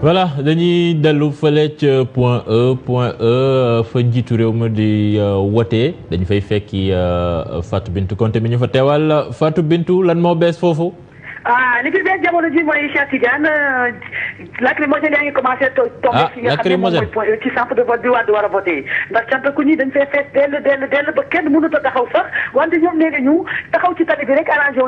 voilà dañuy dellu fële ca point E point E euh, fa njiitu réew mi di euh, wote dañu fay fekki euh, Fatou Bintou Konté mi ñu fa teewal Fatou Bintou lan moo bees foofu. ah li fi bees jamono ji mooy Cheikh Tidiane lacrymogène yaa ngi commencé. ah e ci nga de bi waa di war a voté ndax cantaku ñi dañ fay fees dell dell dell ba kenn mënut a taxaw sax wante ñoom nee nañu taxaw ci tali rek arrangé